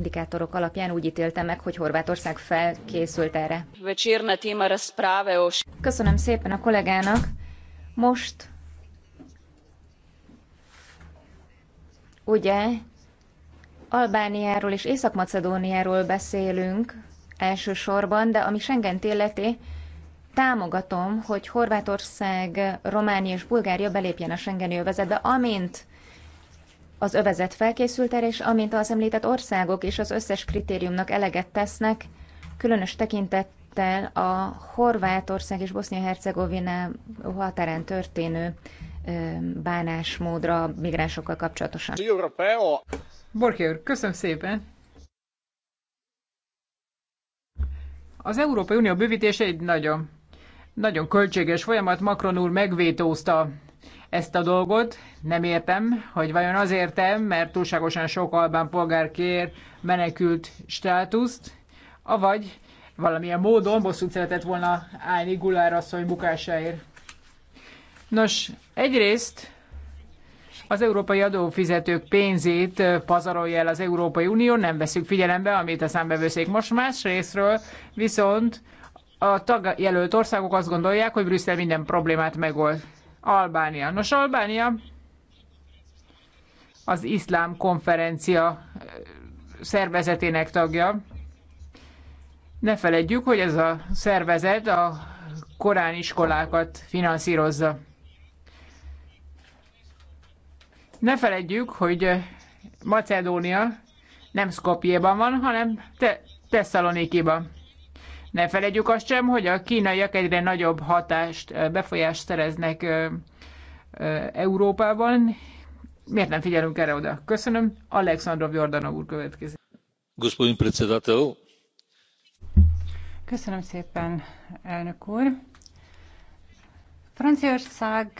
indikátorok alapján úgy ítélte meg, hogy Horvátország felkészült erre. Köszönöm szépen a kollégának. Most ugye Albániáról és Észak-Macedóniáról beszélünk elsősorban, de ami Schengen illeti, támogatom, hogy Horvátország, Románia és Bulgária belépjen a Schengeni övezetbe, amint az övezet felkészült erre, és amint az említett országok és az összes kritériumnak eleget tesznek, különös tekintettel a Horvátország és Bosznia-Hercegovina határán történő bánásmódra migránsokkal kapcsolatosan. Borki úr, köszönöm szépen! Az Európai Unió bővítése egy nagyon, nagyon költséges folyamat. Macron úr megvétózta ezt a dolgot. Nem értem, hogy vajon az értem, mert túlságosan sok albán polgár kér menekült státuszt, avagy valamilyen módon bosszút szeretett volna állni Gulár asszony bukásáért. Nos, egyrészt az európai adófizetők pénzét pazarolja el az Európai Unió, nem veszük figyelembe, amit a számbevőszék most másrésztről, viszont a tagjelölt országok azt gondolják, hogy Brüsszel minden problémát megold. Albánia. Nos, Albánia az iszlám konferencia eh, szervezetének tagja. Ne feledjük, hogy ez a szervezet a korán iskolákat finanszírozza. Ne feledjük, hogy eh, Macedónia nem Skopjéban van, hanem Te- Tesszalonikiban. Ne felejtjük azt sem, hogy a kínaiak egyre nagyobb hatást, befolyást szereznek Európában. Miért nem figyelünk erre oda? Köszönöm. Alexandrov Jordanov úr következik. Господин председател. Köszönöm szépen, elnök úr. Franciaország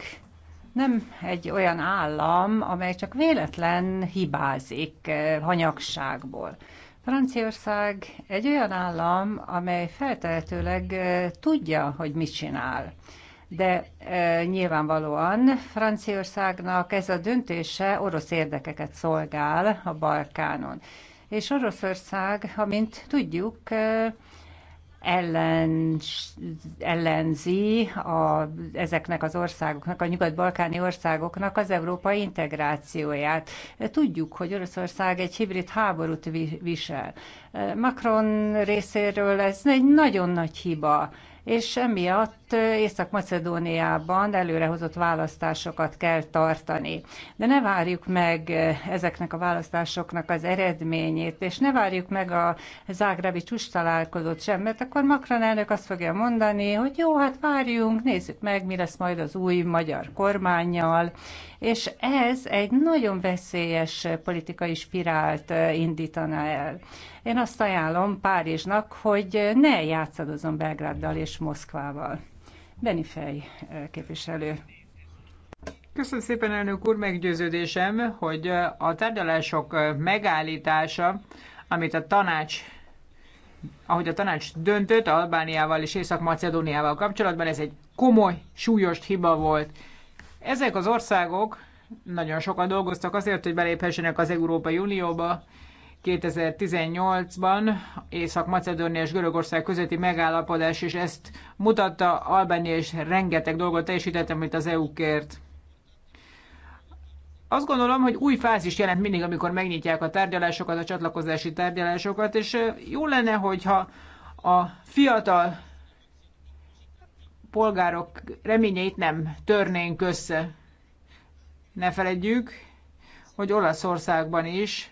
nem egy olyan állam, amely csak véletlen hibázik hanyagságból. Franciaország egy olyan állam, amely feltehetőleg tudja, hogy mit csinál. De e, nyilvánvalóan Franciaországnak ez a döntése orosz érdekeket szolgál a Balkánon. És Oroszország, amint tudjuk, e, ellen, ellenzi a, ezeknek az országoknak, a nyugat-balkáni országoknak az európai integrációját. Tudjuk, hogy Oroszország egy hibrid háborút visel. Macron részéről ez egy nagyon nagy hiba, és emiatt mert Észak-Macedóniában előrehozott választásokat kell tartani. De ne várjuk meg ezeknek a választásoknak az eredményét, és ne várjuk meg a zágrábi csúcs találkozót sem, mert akkor Makran elnök azt fogja mondani, hogy jó, hát várjunk, nézzük meg, mi lesz majd az új magyar kormányjal, és ez egy nagyon veszélyes politikai spirált indítana el. Én azt ajánlom Párizsnak, hogy ne játszadozom Belgráddal és Moszkvával. Fej képviselő. Köszönöm szépen, elnök úr, meggyőződésem, hogy a tárgyalások megállítása, amit a tanács ahogy a tanács döntött Albániával és Észak-Macedóniával kapcsolatban, ez egy komoly, súlyos hiba volt. Ezek az országok nagyon sokan dolgoztak azért, hogy beléphessenek az Európai Unióba, 2018-ban Észak-Macedónia és Görögország közötti megállapodás is ezt mutatta. Albánia és rengeteg dolgot teljesítettem, amit az EU kért. Azt gondolom, hogy új fázis jelent mindig, amikor megnyitják a tárgyalásokat, a csatlakozási tárgyalásokat, és jó lenne, hogyha a fiatal polgárok reményeit nem törnénk össze. Ne feledjük, hogy Olaszországban is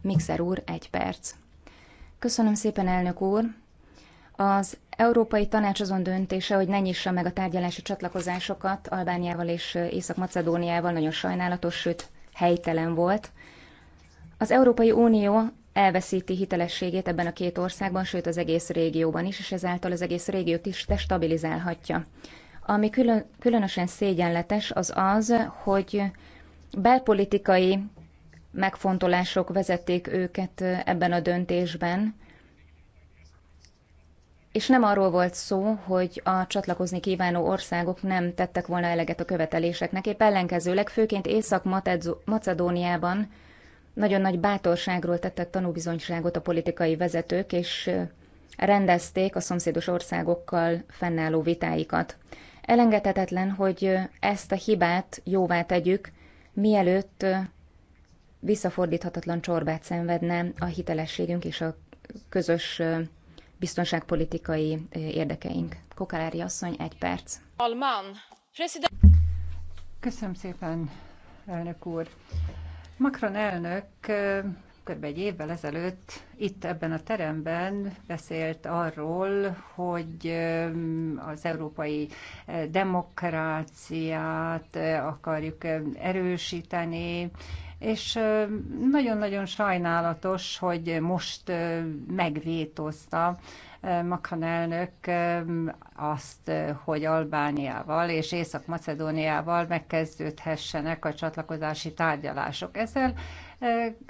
Mixer úr, egy perc. Köszönöm szépen, elnök úr. Az Európai Tanács azon döntése, hogy ne nyissa meg a tárgyalási csatlakozásokat Albániával és Észak-Macedóniával nagyon sajnálatos, sőt helytelen volt. Az Európai Unió elveszíti hitelességét ebben a két országban, sőt az egész régióban is, és ezáltal az egész régiót is destabilizálhatja. Ami külön, különösen szégyenletes, az az, hogy belpolitikai megfontolások vezették őket ebben a döntésben, és nem arról volt szó, hogy a csatlakozni kívánó országok nem tettek volna eleget a követeléseknek, épp ellenkezőleg, főként Észak-Macedóniában nagyon nagy bátorságról tettek tanúbizonyságot a politikai vezetők, és rendezték a szomszédos országokkal fennálló vitáikat. Elengedhetetlen, hogy ezt a hibát jóvá tegyük, mielőtt visszafordíthatatlan csorbát szenvedne a hitelességünk és a közös biztonságpolitikai érdekeink. Kokalári asszony, egy perc. Alman. Köszönöm szépen, elnök úr. Macron elnök kb. egy évvel ezelőtt itt ebben a teremben beszélt arról, hogy az európai demokráciát akarjuk erősíteni, és nagyon-nagyon sajnálatos, hogy most megvétózta Makan elnök azt, hogy Albániával és Észak-Macedóniával megkezdődhessenek a csatlakozási tárgyalások. Ezzel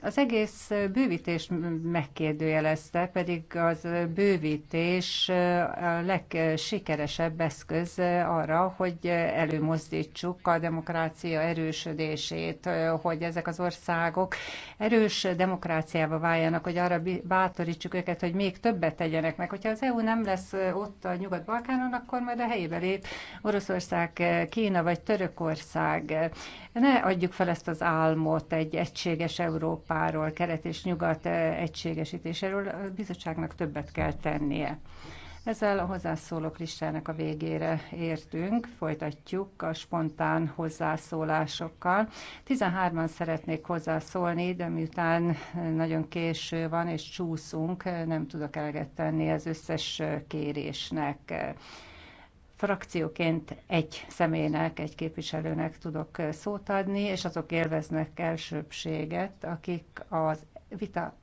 az egész bővítést megkérdőjelezte, pedig az bővítés a legsikeresebb eszköz arra, hogy előmozdítsuk a demokrácia erősödését, hogy ezek az országok erős demokráciába váljanak, hogy arra bátorítsuk őket, hogy még többet tegyenek meg. Hogyha az EU nem lesz ott a Nyugat-Balkánon, akkor majd a helyébe lép Oroszország, Kína vagy Törökország. Ne adjuk fel ezt az álmot egy egységes Európáról, keret és nyugat eh, egységesítéséről. A bizottságnak többet kell tennie. Ezzel a hozzászólók listának a végére értünk, folytatjuk a spontán hozzászólásokkal. 13-an szeretnék hozzászólni, de miután nagyon késő van és csúszunk, nem tudok eleget tenni az összes kérésnek. Frakcióként egy személynek, egy képviselőnek tudok szót adni, és azok élveznek elsőbséget, akik az vita,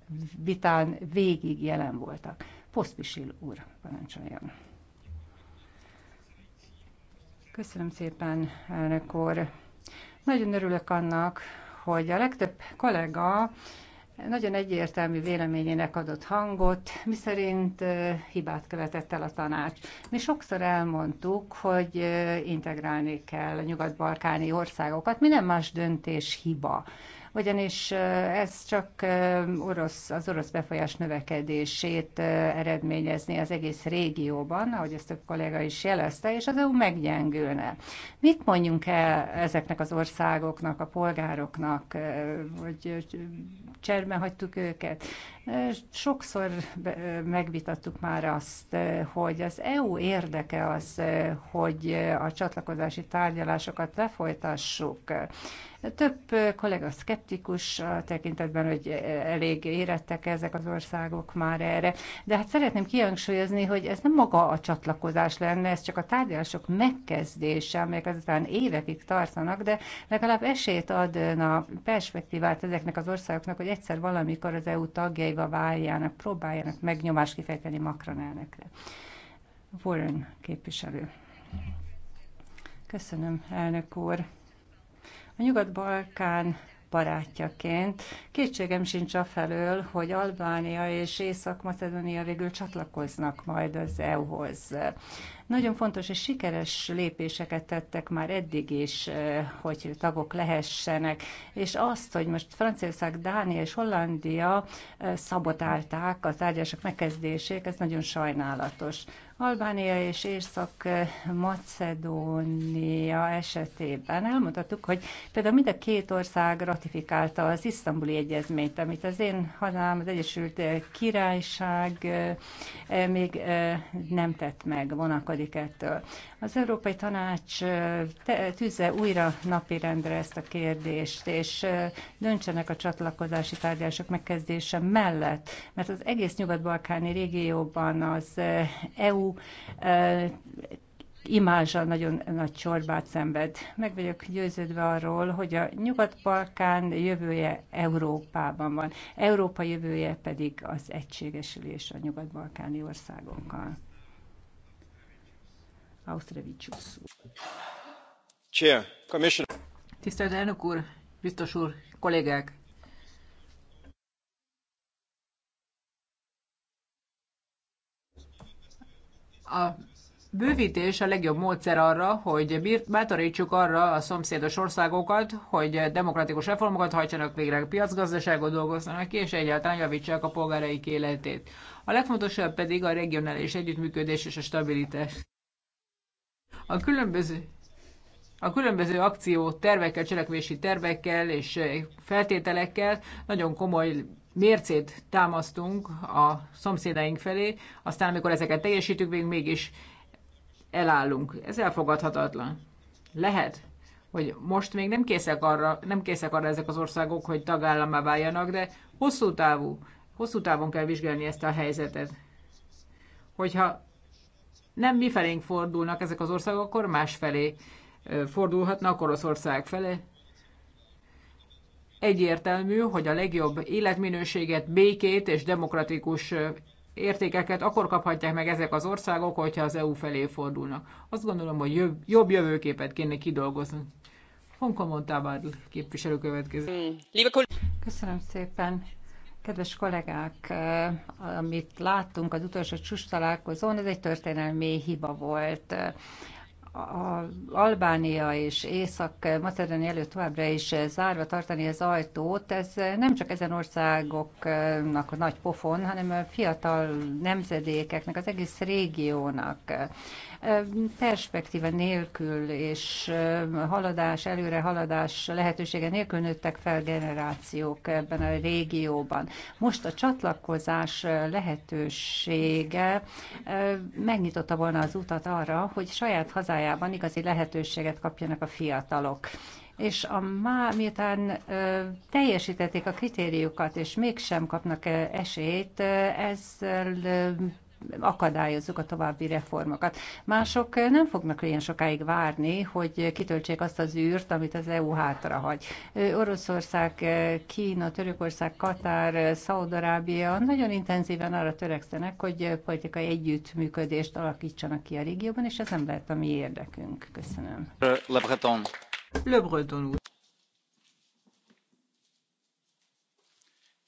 vitán végig jelen voltak. Poszpisil úr, parancsoljon. Köszönöm szépen, elnök úr. Nagyon örülök annak, hogy a legtöbb kollega nagyon egyértelmű véleményének adott hangot, miszerint hibát követett el a tanács. Mi sokszor elmondtuk, hogy integrálni kell a nyugat-balkáni országokat, minden más döntés hiba ugyanis ez csak orosz, az orosz befolyás növekedését eredményezni az egész régióban, ahogy ezt a kolléga is jelezte, és az EU meggyengülne. Mit mondjunk el ezeknek az országoknak, a polgároknak, hogy cserben hagytuk őket? Sokszor megvitattuk már azt, hogy az EU érdeke az, hogy a csatlakozási tárgyalásokat lefolytassuk, több kollega szkeptikus a tekintetben, hogy elég érettek ezek az országok már erre, de hát szeretném kihangsúlyozni, hogy ez nem maga a csatlakozás lenne, ez csak a tárgyalások megkezdése, amelyek azután évekig tartanak, de legalább esélyt adna perspektívát ezeknek az országoknak, hogy egyszer valamikor az EU tagjaiba váljanak, próbáljanak megnyomást kifejteni Macron elnökre. Warren képviselő. Köszönöm, elnök úr. Nyugat-Balkán barátjaként kétségem sincs afelől, hogy Albánia és Észak-Macedónia végül csatlakoznak majd az EU-hoz. Nagyon fontos és sikeres lépéseket tettek már eddig is, eh, hogy tagok lehessenek, és azt, hogy most Franciaország, Dánia és Hollandia eh, szabotálták a tárgyalások megkezdését, ez nagyon sajnálatos. Albánia és Észak-Macedónia esetében elmondhattuk, hogy például mind a két ország ratifikálta az isztambuli egyezményt, amit az én hazám, az Egyesült Királyság eh, még eh, nem tett meg, vonakodik ettől. Az Európai Tanács tűzze újra napirendre ezt a kérdést, és döntsenek a csatlakozási tárgyalások megkezdése mellett, mert az egész nyugat-balkáni régióban az EU imázsa nagyon nagy csorbát szenved. Meg vagyok győződve arról, hogy a Nyugat-Balkán jövője Európában van, Európa jövője pedig az egységesülés a nyugat-balkáni országokkal. Chair, Commissioner. Tisztelt elnök úr, biztos úr, kollégák! A bővítés a legjobb módszer arra, hogy bátorítsuk arra a szomszédos országokat, hogy demokratikus reformokat hajtsanak végre, piacgazdaságot dolgozzanak ki, és egyáltalán javítsák a polgáraik életét. A legfontosabb pedig a regionális együttműködés és a stabilitás. A különböző a különböző akció tervekkel, cselekvési tervekkel és eh, feltételekkel nagyon komoly mércét támasztunk a szomszédaink felé, aztán amikor ezeket teljesítünk, még mégis elállunk. Ez elfogadhatatlan. Lehet, hogy most még nem készek arra, nem készek arra ezek az országok, hogy tagállamá váljanak, de hosszú távú, hosszú távon kell vizsgálni ezt a helyzetet. Hogyha nem mi felénk fordulnak ezek az országok, akkor más felé fordulhatnak Oroszország felé. Egyértelmű, hogy a legjobb életminőséget, békét és demokratikus értékeket akkor kaphatják meg ezek az országok, hogyha az EU felé fordulnak. Azt gondolom, hogy jobb, jobb jövőképet kéne kidolgozni. Honka képviselő következő. Hmm, Köszönöm szépen. Kedves kollégák, eh, amit láttunk az utolsó csúcs találkozón, ez egy történelmi hiba volt. A Albánia és Észak-Macedónia előtt továbbra is zárva tartani az ajtót, ez nem csak ezen országoknak a nagy pofon, hanem a fiatal nemzedékeknek, az egész régiónak perspektíva nélkül és haladás, előre haladás lehetősége nélkül nőttek fel generációk ebben a régióban. Most a csatlakozás lehetősége megnyitotta volna az utat arra, hogy saját hazájában igazi lehetőséget kapjanak a fiatalok és a má, miután ö, teljesítették a kritériumokat, és mégsem kapnak esélyt, ezzel akadályozzuk a további reformokat. Mások nem fognak olyan sokáig várni, hogy kitöltsék azt az űrt, amit az EU hagy. Oroszország, Kína, Törökország, Katár, Szaudarábia nagyon intenzíven arra törekszenek, hogy politikai együttműködést alakítsanak ki a régióban, és ez nem lehet a mi érdekünk. Köszönöm. Le Breton. Le Breton úr.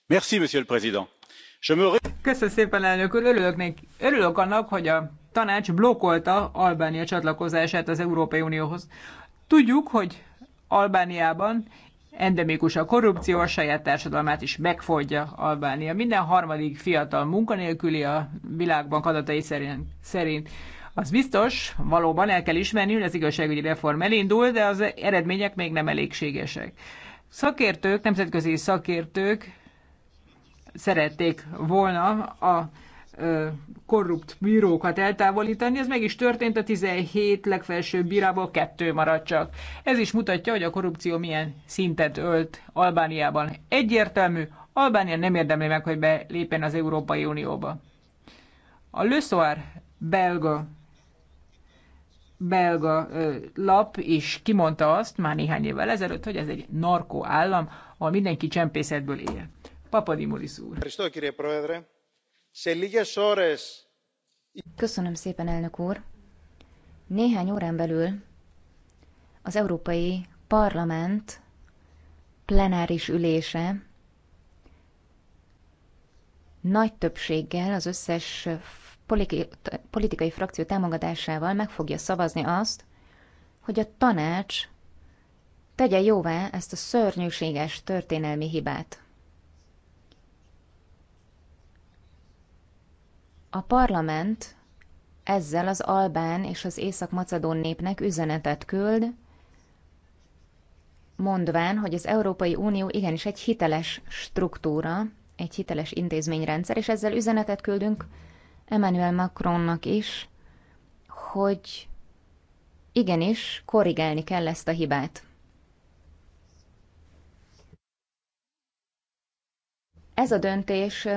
Merci, monsieur le président Köszönöm szépen, elnök úr. Örülök, nek, Örülök annak, hogy a tanács blokkolta Albánia csatlakozását az Európai Unióhoz. Tudjuk, hogy Albániában endemikus a korrupció, a saját társadalmát is megfogja Albánia. Minden harmadik fiatal munkanélküli a világban adatai szerint. Az biztos, valóban el kell ismerni, hogy az igazságügyi reform elindul, de az eredmények még nem elégségesek. Szakértők, nemzetközi szakértők szerették volna a korrupt bírókat eltávolítani. Ez meg is történt, a 17 legfelsőbb bírából kettő maradt csak. Ez is mutatja, hogy a korrupció milyen szintet ölt Albániában. Egyértelmű, Albánia nem érdemli meg, hogy belépjen az Európai Unióba. A Le Soir belga, belga ö, lap is kimondta azt már néhány évvel ezelőtt, hogy ez egy narkó állam, ahol mindenki csempészetből él úr. Köszönöm szépen, elnök úr. Néhány órán belül az Európai Parlament plenáris ülése nagy többséggel az összes politikai frakció támogatásával meg fogja szavazni azt, hogy a tanács tegye jóvá ezt a szörnyűséges történelmi hibát. A parlament ezzel az albán és az észak-macedón népnek üzenetet küld, mondván, hogy az Európai Unió igenis egy hiteles struktúra, egy hiteles intézményrendszer, és ezzel üzenetet küldünk Emmanuel Macronnak is, hogy igenis korrigálni kell ezt a hibát. Ez a döntés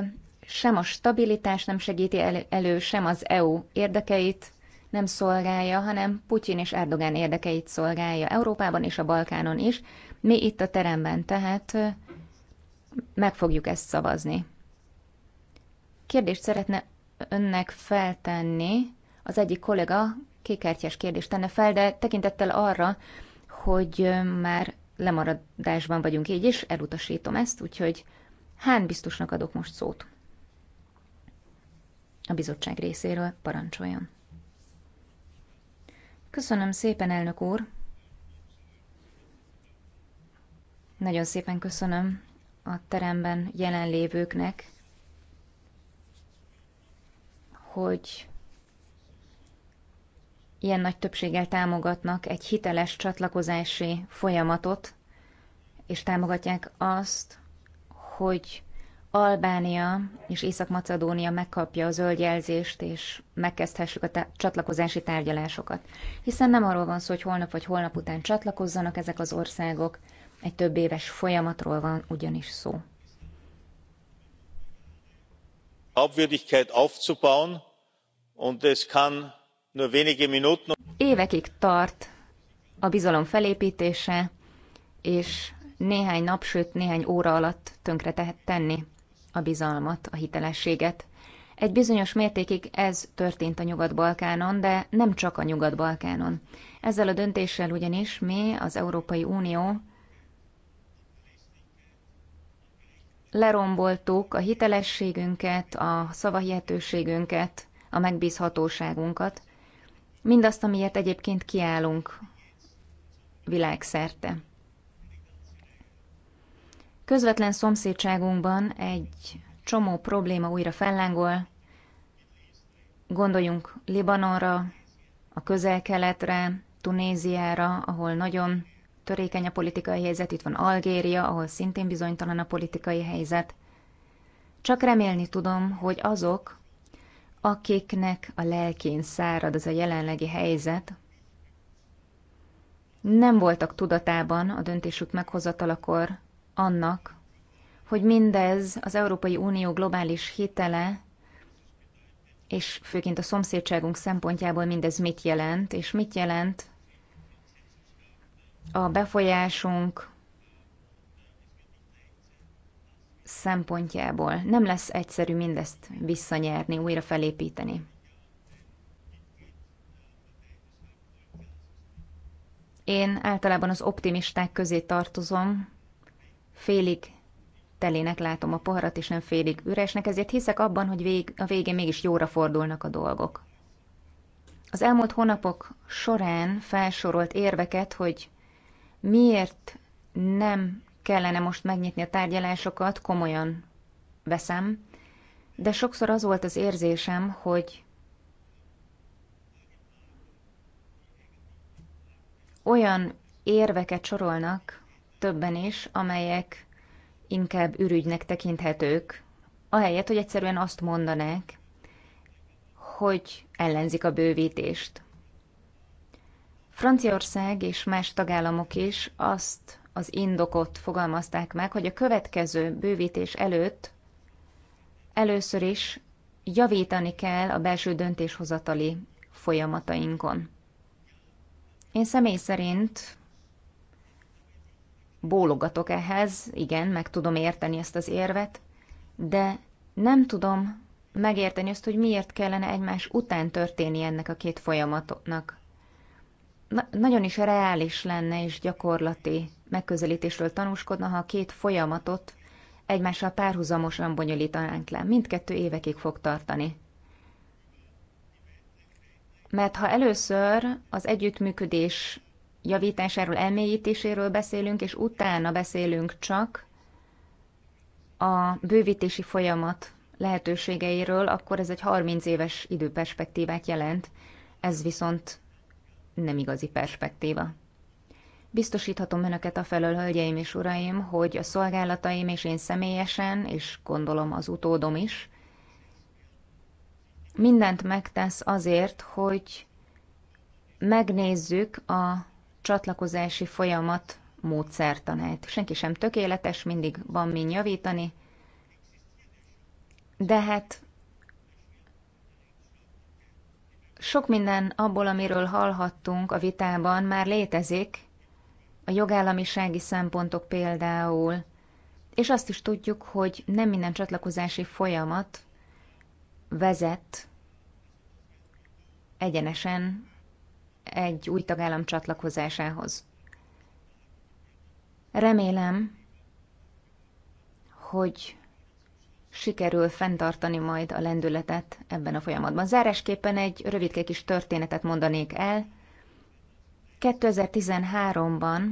sem a stabilitás nem segíti elő, sem az EU érdekeit nem szolgálja, hanem Putyin és Erdogán érdekeit szolgálja Európában és a Balkánon is. Mi itt a teremben, tehát meg fogjuk ezt szavazni. Kérdést szeretne önnek feltenni, az egyik kollega kékkártyás kérdést tenne fel, de tekintettel arra, hogy már lemaradásban vagyunk így, és elutasítom ezt, úgyhogy Hán biztosnak adok most szót a bizottság részéről parancsoljon. Köszönöm szépen, elnök úr! Nagyon szépen köszönöm a teremben jelenlévőknek, hogy ilyen nagy többséggel támogatnak egy hiteles csatlakozási folyamatot, és támogatják azt, hogy Albánia és Észak-Macedónia megkapja a zöld jelzést, és megkezdhessük a csatlakozási tárgyalásokat. Hiszen nem arról van szó, hogy holnap vagy holnap után csatlakozzanak ezek az országok, egy több éves folyamatról van ugyanis szó. Évekig tart a bizalom felépítése, és néhány nap, sőt néhány óra alatt tönkre tehet tenni a bizalmat, a hitelességet. Egy bizonyos mértékig ez történt a Nyugat-Balkánon, de nem csak a Nyugat-Balkánon. Ezzel a döntéssel ugyanis mi, az Európai Unió, leromboltuk a hitelességünket, a szavahihetőségünket, a megbízhatóságunkat, mindazt, amiért egyébként kiállunk világszerte. Közvetlen szomszédságunkban egy csomó probléma újra fellángol. Gondoljunk Libanonra, a közel-keletre, Tunéziára, ahol nagyon törékeny a politikai helyzet, itt van Algéria, ahol szintén bizonytalan a politikai helyzet. Csak remélni tudom, hogy azok, akiknek a lelkén szárad ez a jelenlegi helyzet, nem voltak tudatában a döntésük meghozatalakor annak, hogy mindez az Európai Unió globális hitele, és főként a szomszédságunk szempontjából mindez mit jelent, és mit jelent a befolyásunk szempontjából. Nem lesz egyszerű mindezt visszanyerni, újra felépíteni. Én általában az optimisták közé tartozom, félig telének látom a poharat, és nem félig üresnek, ezért hiszek abban, hogy vég, a végén mégis jóra fordulnak a dolgok. Az elmúlt hónapok során felsorolt érveket, hogy miért nem kellene most megnyitni a tárgyalásokat, komolyan veszem, de sokszor az volt az érzésem, hogy olyan érveket sorolnak, többen is, amelyek inkább ürügynek tekinthetők, ahelyett, hogy egyszerűen azt mondanák, hogy ellenzik a bővítést. Franciaország és más tagállamok is azt az indokot fogalmazták meg, hogy a következő bővítés előtt először is javítani kell a belső döntéshozatali folyamatainkon. Én személy szerint bólogatok ehhez, igen, meg tudom érteni ezt az érvet, de nem tudom megérteni azt, hogy miért kellene egymás után történni ennek a két folyamatnak. Na, nagyon is reális lenne és gyakorlati megközelítésről tanúskodna, ha a két folyamatot egymással párhuzamosan bonyolítanánk le. Mindkettő évekig fog tartani. Mert ha először az együttműködés javításáról, elmélyítéséről beszélünk, és utána beszélünk csak a bővítési folyamat lehetőségeiről, akkor ez egy 30 éves időperspektívát jelent, ez viszont nem igazi perspektíva. Biztosíthatom önöket a felől, hölgyeim és uraim, hogy a szolgálataim és én személyesen, és gondolom az utódom is, mindent megtesz azért, hogy megnézzük a csatlakozási folyamat módszertanát. Senki sem tökéletes, mindig van mind javítani, de hát sok minden abból, amiről hallhattunk a vitában, már létezik, a jogállamisági szempontok például, és azt is tudjuk, hogy nem minden csatlakozási folyamat vezet egyenesen egy új tagállam csatlakozásához. Remélem, hogy sikerül fenntartani majd a lendületet ebben a folyamatban. Zárásképpen egy rövid kis történetet mondanék el. 2013-ban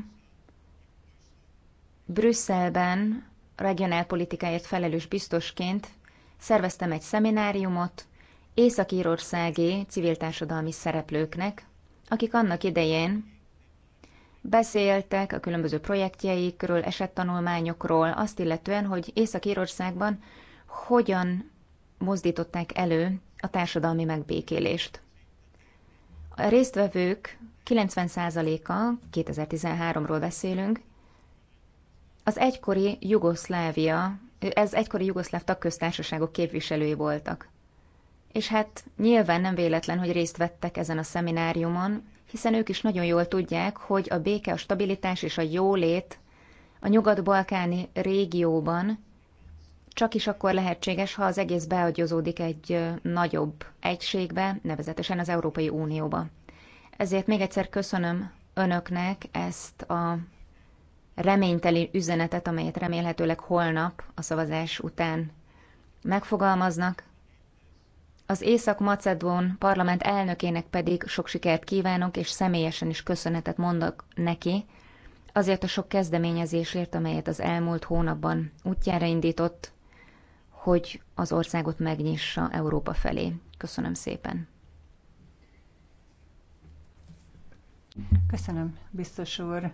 Brüsszelben regionálpolitikáért felelős biztosként szerveztem egy szemináriumot észak-írországi civil társadalmi szereplőknek, akik annak idején beszéltek a különböző projektjeikről, esettanulmányokról, azt illetően, hogy Észak-Írországban hogyan mozdították elő a társadalmi megbékélést. A résztvevők 90%-a, 2013-ról beszélünk, az egykori Jugoszlávia, ez egykori Jugoszláv tagköztársaságok képviselői voltak és hát nyilván nem véletlen, hogy részt vettek ezen a szemináriumon, hiszen ők is nagyon jól tudják, hogy a béke, a stabilitás és a jólét a nyugat-balkáni régióban csak is akkor lehetséges, ha az egész beagyozódik egy nagyobb egységbe, nevezetesen az Európai Unióba. Ezért még egyszer köszönöm önöknek ezt a reményteli üzenetet, amelyet remélhetőleg holnap a szavazás után megfogalmaznak, az Észak-Macedón parlament elnökének pedig sok sikert kívánok, és személyesen is köszönetet mondok neki, azért a sok kezdeményezésért, amelyet az elmúlt hónapban útjára indított, hogy az országot megnyissa Európa felé. Köszönöm szépen! Köszönöm, biztos úr.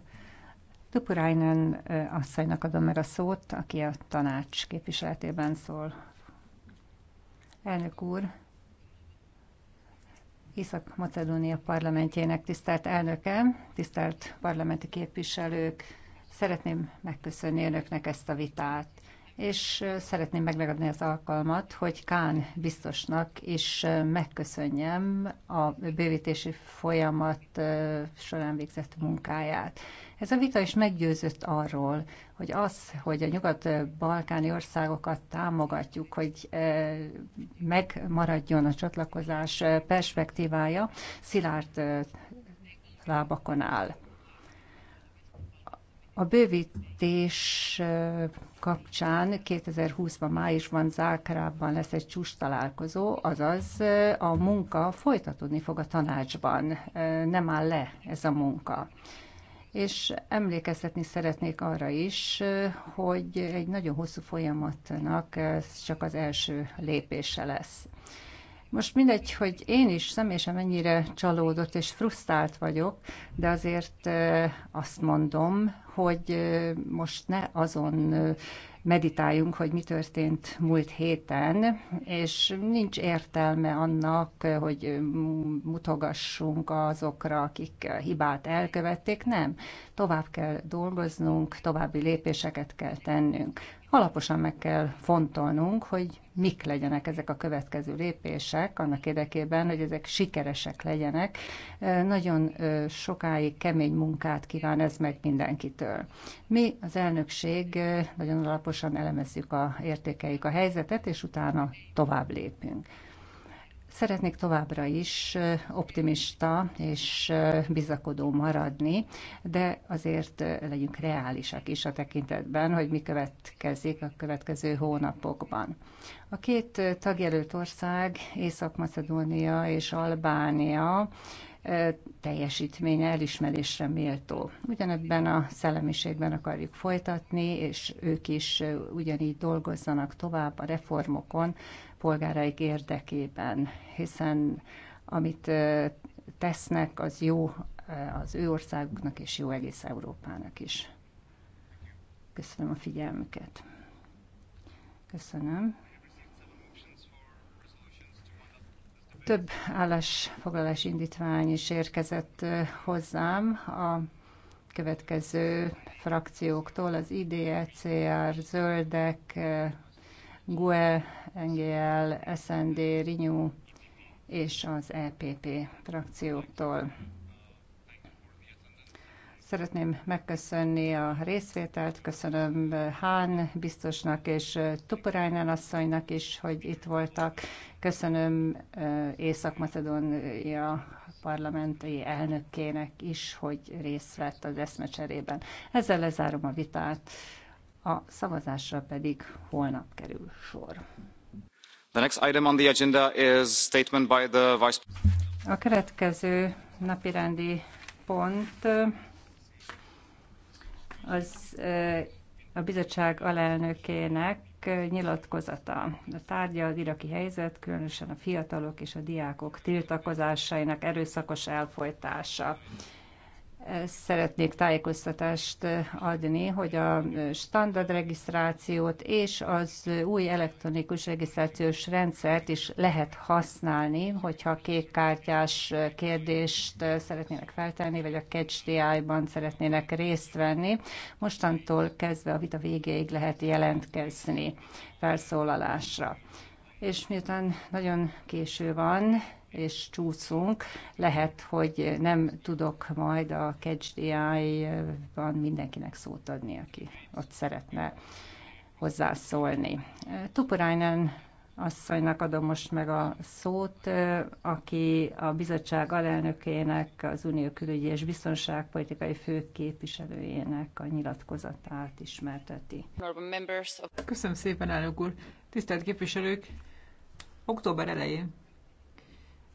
Tupurainen asszonynak adom meg a szót, aki a tanács képviseletében szól. Elnök úr, Észak-Macedónia parlamentjének tisztelt elnöke, tisztelt parlamenti képviselők, szeretném megköszönni önöknek ezt a vitát, és szeretném megragadni az alkalmat, hogy Kán biztosnak is megköszönjem a bővítési folyamat során végzett munkáját. Ez a vita is meggyőzött arról, hogy az, hogy a nyugat-balkáni országokat támogatjuk, hogy e, megmaradjon a csatlakozás e, perspektívája, szilárd e, lábakon áll. A bővítés kapcsán 2020-ban májusban Zákrában lesz egy csúcs találkozó, azaz a munka folytatódni fog a tanácsban, nem áll le ez a munka és emlékeztetni szeretnék arra is, hogy egy nagyon hosszú folyamatnak ez csak az első lépése lesz. Most mindegy, hogy én is személyesen mennyire csalódott és frusztrált vagyok, de azért eh, azt mondom, hogy most ne azon meditáljunk, hogy mi történt múlt héten, és nincs értelme annak, hogy mutogassunk azokra, akik hibát elkövették, nem. Tovább kell dolgoznunk, további lépéseket kell tennünk. Alaposan meg kell fontolnunk, hogy mik legyenek ezek a következő lépések, annak érdekében, hogy ezek sikeresek legyenek. Nagyon sokáig kemény munkát kíván ez meg mindenkitől. Mi, az elnökség, nagyon alaposan elemezzük a értékeik a helyzetet, és utána tovább lépünk. Szeretnék továbbra is optimista és bizakodó maradni, de azért legyünk reálisak is a tekintetben, hogy mi következik a következő hónapokban. A két tagjelölt ország, Észak-Macedónia és Albánia, teljesítménye elismerésre méltó. Ugyanebben a szellemiségben akarjuk folytatni, és ők is ugyanígy dolgozzanak tovább a reformokon, polgáraik érdekében, hiszen amit tesznek, az jó az ő országuknak és jó egész Európának is. Köszönöm a figyelmüket. Köszönöm. Több állásfoglalás indítvány is érkezett hozzám a következő frakcióktól, az IDECR, Zöldek, GUE, NGL, SND, Renew és az EPP frakcióktól. Szeretném megköszönni a részvételt, köszönöm Hán biztosnak és Tuporányan asszonynak is, hogy itt voltak. Köszönöm Észak-Macedónia parlamenti elnökének is, hogy részt vett az eszmecserében. Ezzel lezárom a vitát, a szavazásra pedig holnap kerül sor a következő napirendi pont az eh, a bizottság alelnökének eh, nyilatkozata. A tárgya az iraki helyzet, különösen a fiatalok és a diákok tiltakozásainak erőszakos elfolytása. Szeretnék tájékoztatást adni, hogy a standard regisztrációt és az új elektronikus regisztrációs rendszert is lehet használni, hogyha kékkártyás kérdést szeretnének feltenni, vagy a CatchDI-ban szeretnének részt venni. Mostantól kezdve a vita végéig lehet jelentkezni felszólalásra. És miután nagyon késő van, és csúszunk. Lehet, hogy nem tudok majd a CatchDI-ban mindenkinek szót adni, aki ott szeretne hozzászólni. Tuporainen asszonynak adom most meg a szót, aki a bizottság alelnökének, az Unió külügyi és biztonságpolitikai főképviselőjének a nyilatkozatát ismerteti. Köszönöm szépen, elnök úr! Tisztelt képviselők! Október elején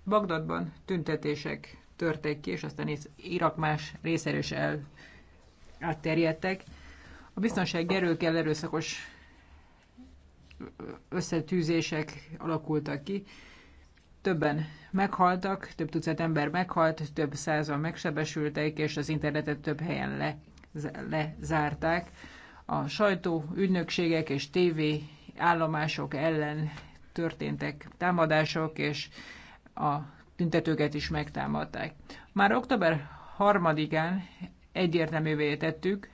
Bagdadban tüntetések törtek ki, és aztán Irak más részéről is el, átterjedtek. A biztonság erőkkel erőszakos összetűzések alakultak ki. Többen meghaltak, több tucat ember meghalt, több százan megsebesültek, és az internetet több helyen le, lezárták. A sajtó, ügynökségek és tévé állomások ellen történtek támadások, és a tüntetőket is megtámadták. Már október 3-án egyértelművé tettük,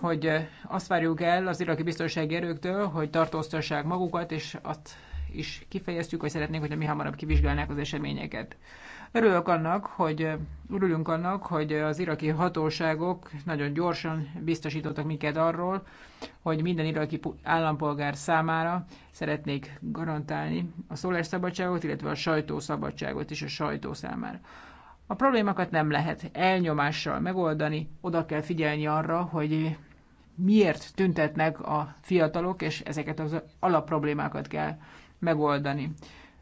hogy azt várjuk el az iraki biztonsági erőktől, hogy tartóztassák magukat, és azt is kifejeztük, hogy szeretnénk, hogy mi hamarabb kivizsgálnák az eseményeket. Örülök annak, hogy örülünk annak, hogy az iraki hatóságok nagyon gyorsan biztosítottak minket arról, hogy minden iraki állampolgár számára szeretnék garantálni a szólásszabadságot, illetve a sajtószabadságot is a sajtó számára. A problémákat nem lehet elnyomással megoldani, oda kell figyelni arra, hogy miért tüntetnek a fiatalok, és ezeket az alapproblémákat kell megoldani.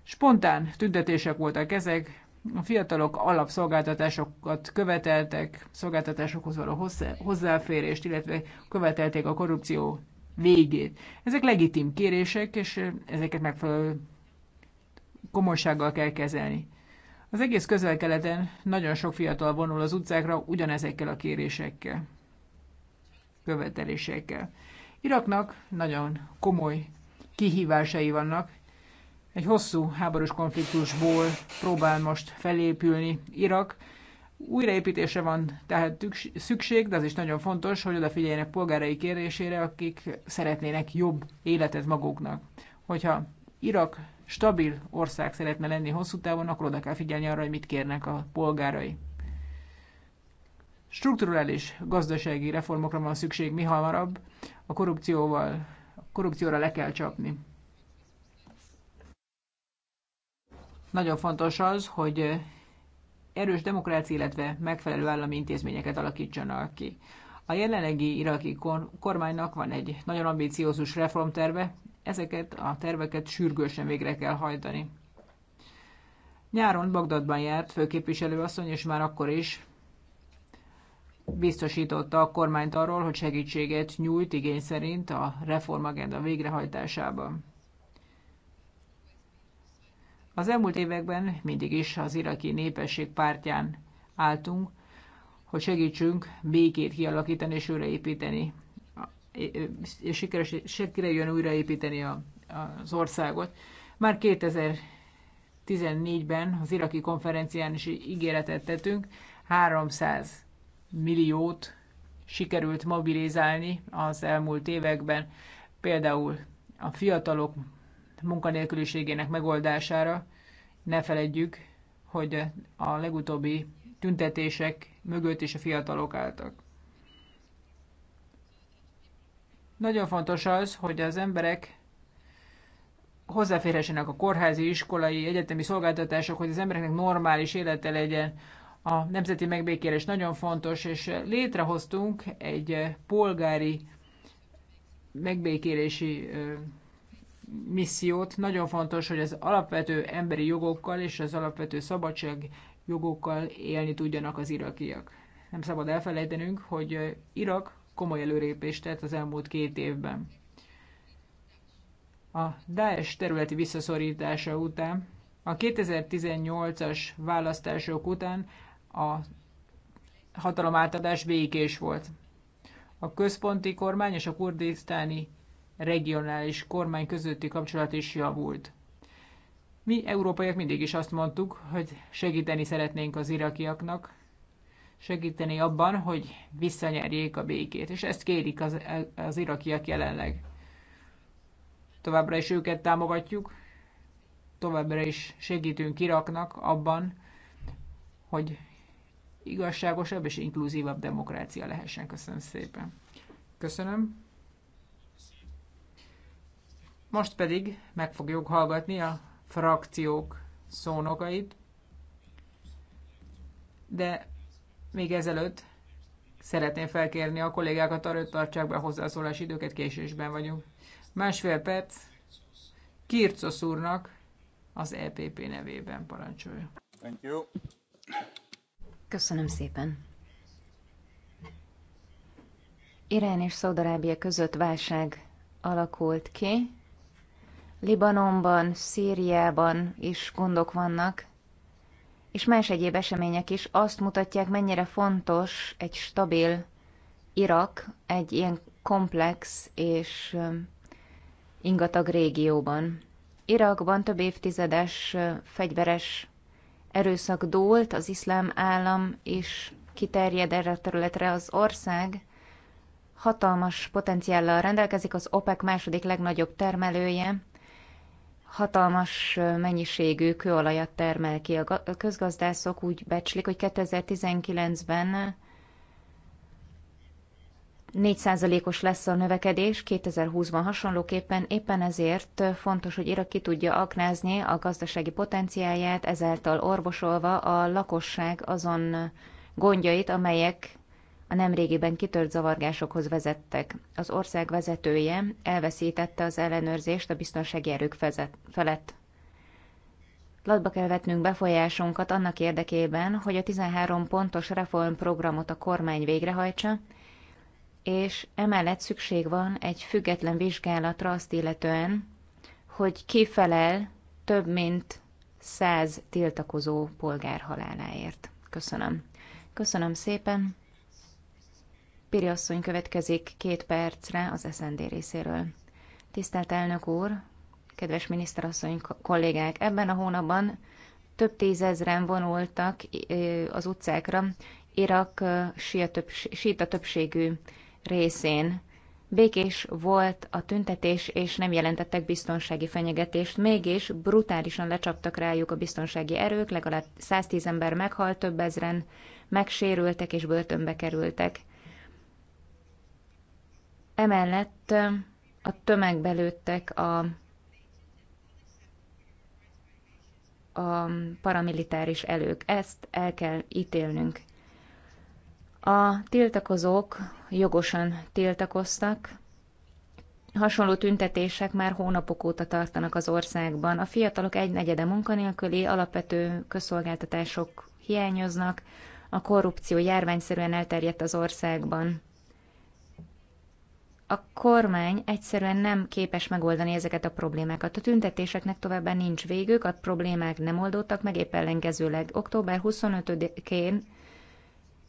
Spontán tüntetések voltak ezek, a fiatalok alapszolgáltatásokat követeltek, szolgáltatásokhoz való hozzáférést, illetve követelték a korrupció végét. Ezek legitim kérések, és ezeket megfelelő komolysággal kell kezelni. Az egész közel-keleten nagyon sok fiatal vonul az utcákra ugyanezekkel a kérésekkel, követelésekkel. Iraknak nagyon komoly kihívásai vannak, egy hosszú háborús konfliktusból próbál most felépülni Irak. Újraépítésre van tehát szükség, de az is nagyon fontos, hogy odafigyeljenek polgárai kérésére, akik szeretnének jobb életet maguknak. Hogyha Irak stabil ország szeretne lenni hosszú távon, akkor oda kell figyelni arra, hogy mit kérnek a polgárai. Strukturális gazdasági reformokra van szükség mi hamarabb, a korrupcióval, a korrupcióra le kell csapni. Nagyon fontos az, hogy erős demokrácia, illetve megfelelő állami intézményeket alakítsanak ki. A jelenlegi iraki kormánynak van egy nagyon ambíciózus reformterve, ezeket a terveket sürgősen végre kell hajtani. Nyáron Bagdadban járt főképviselő asszony, és már akkor is biztosította a kormányt arról, hogy segítséget nyújt igény szerint a reformagenda végrehajtásában. Az elmúlt években mindig is az iraki népesség pártján álltunk, hogy segítsünk békét kialakítani és újraépíteni, és sikeres, jön újraépíteni a, az országot. Már 2014-ben az iraki konferencián is ígéretet tettünk, 300 milliót sikerült mobilizálni az elmúlt években, például a fiatalok munkanélküliségének megoldására, ne feledjük, hogy a legutóbbi tüntetések mögött is a fiatalok álltak. Nagyon fontos az, hogy az emberek hozzáférhessenek a kórházi, iskolai, egyetemi szolgáltatások, hogy az embereknek normális élete legyen. A nemzeti megbékélés nagyon fontos, és létrehoztunk egy polgári megbékélési missziót. Nagyon fontos, hogy az alapvető emberi jogokkal és az alapvető szabadság jogokkal élni tudjanak az irakiak. Nem szabad elfelejtenünk, hogy Irak komoly előrépést tett az elmúlt két évben. A Daesh területi visszaszorítása után, a 2018-as választások után a hatalomátadás békés volt. A központi kormány és a kurdisztáni regionális kormány közötti kapcsolat is javult. Mi, európaiak mindig is azt mondtuk, hogy segíteni szeretnénk az irakiaknak, segíteni abban, hogy visszanyerjék a békét, és ezt kérik az, az irakiak jelenleg. Továbbra is őket támogatjuk, továbbra is segítünk Iraknak abban, hogy igazságosabb és inkluzívabb demokrácia lehessen. Köszönöm szépen. Köszönöm. Most pedig meg fogjuk hallgatni a frakciók szónokait, de még ezelőtt szeretném felkérni a kollégákat arra, hogy tartsák be a hozzászólási időket, késésben vagyunk. Másfél perc Kircosz úrnak az EPP nevében parancsolja. Thank you. Köszönöm szépen. Irán és Szaudarábia között válság alakult ki, Libanonban, Szíriában is gondok vannak, és más egyéb események is azt mutatják, mennyire fontos egy stabil Irak egy ilyen komplex és ingatag régióban. Irakban több évtizedes fegyveres erőszak dúlt, az iszlám állam is kiterjed erre a területre az ország, hatalmas potenciállal rendelkezik, az OPEC második legnagyobb termelője, hatalmas mennyiségű kőolajat termel ki. A közgazdászok úgy becslik, hogy 2019-ben 4%-os lesz a növekedés 2020-ban hasonlóképpen, éppen ezért fontos, hogy Irak ki tudja aknázni a gazdasági potenciálját, ezáltal orvosolva a lakosság azon gondjait, amelyek a nemrégiben kitört zavargásokhoz vezettek. Az ország vezetője elveszítette az ellenőrzést a biztonsági erők felett. Latba kell vetnünk befolyásunkat annak érdekében, hogy a 13 pontos reformprogramot a kormány végrehajtsa, és emellett szükség van egy független vizsgálatra azt illetően, hogy ki felel több mint 100 tiltakozó polgár haláláért. Köszönöm. Köszönöm szépen. Piri asszony következik két percre az SND részéről. Tisztelt elnök úr, kedves miniszterasszony kollégák, ebben a hónapban több tízezren vonultak az utcákra Irak síta többségű részén. Békés volt a tüntetés, és nem jelentettek biztonsági fenyegetést, mégis brutálisan lecsaptak rájuk a biztonsági erők, legalább 110 ember meghalt, több ezren megsérültek és börtönbe kerültek. Emellett a tömegbe lőttek a, a paramilitáris elők. Ezt el kell ítélnünk. A tiltakozók jogosan tiltakoztak, Hasonló tüntetések már hónapok óta tartanak az országban. A fiatalok egynegyede munkanélküli, alapvető közszolgáltatások hiányoznak, a korrupció járványszerűen elterjedt az országban a kormány egyszerűen nem képes megoldani ezeket a problémákat. A tüntetéseknek továbbá nincs végük, a problémák nem oldódtak meg, épp ellenkezőleg. Október 25-én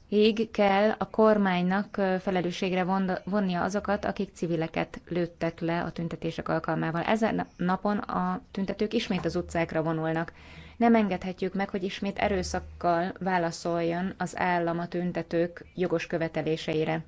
így kell a kormánynak felelősségre vonnia azokat, akik civileket lőttek le a tüntetések alkalmával. Ezen napon a tüntetők ismét az utcákra vonulnak. Nem engedhetjük meg, hogy ismét erőszakkal válaszoljon az állam a tüntetők jogos követeléseire.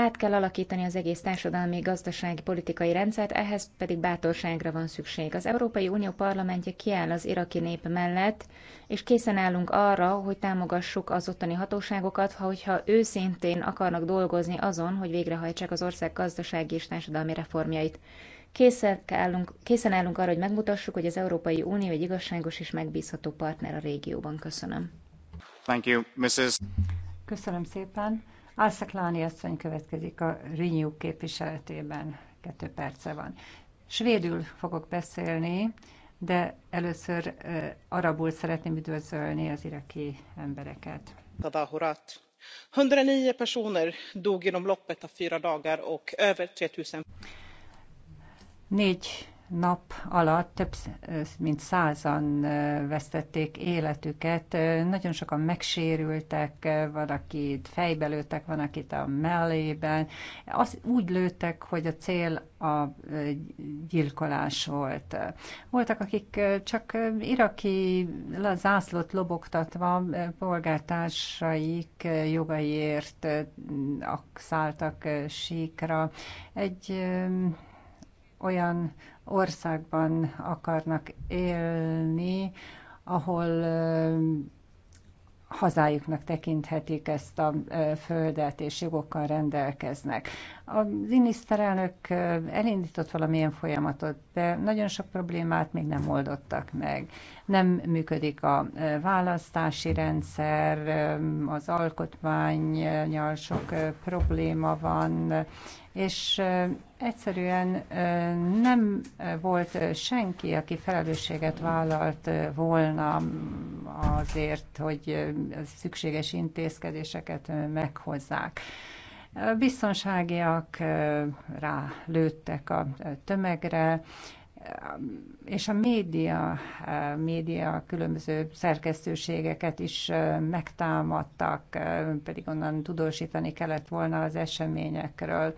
Át kell alakítani az egész társadalmi, gazdasági, politikai rendszert, ehhez pedig bátorságra van szükség. Az Európai Unió parlamentje kiáll az iraki nép mellett, és készen állunk arra, hogy támogassuk az ottani hatóságokat, ha hogyha őszintén akarnak dolgozni azon, hogy végrehajtsák az ország gazdasági és társadalmi reformjait. Készen állunk, készen állunk arra, hogy megmutassuk, hogy az Európai Unió egy igazságos és megbízható partner a régióban. Köszönöm. Thank you, Mrs. Köszönöm szépen. Álszakláni asszony következik a Renew képviseletében. Kettő perce van. Svédül fogok beszélni, de először uh, arabul szeretném üdvözölni az iraki embereket. Tadahurat. 109 personer dog inom loppet a fyra dagar och över 3000. Négy nap alatt több mint százan vesztették életüket. Nagyon sokan megsérültek, van, akit fejbe lőttek, van, akit a mellében. Azt úgy lőttek, hogy a cél a gyilkolás volt. Voltak, akik csak iraki zászlót lobogtatva polgártársaik jogaiért szálltak síkra. Egy olyan országban akarnak élni, ahol hazájuknak tekinthetik ezt a földet, és jogokkal rendelkeznek. A miniszterelnök elindított valamilyen folyamatot, de nagyon sok problémát még nem oldottak meg. Nem működik a választási rendszer, az alkotmánynyal sok probléma van, és egyszerűen nem volt senki, aki felelősséget vállalt volna azért, hogy szükséges intézkedéseket meghozzák biztonságiak, lőttek a tömegre, és a média, média különböző szerkesztőségeket is megtámadtak, pedig onnan tudósítani kellett volna az eseményekről.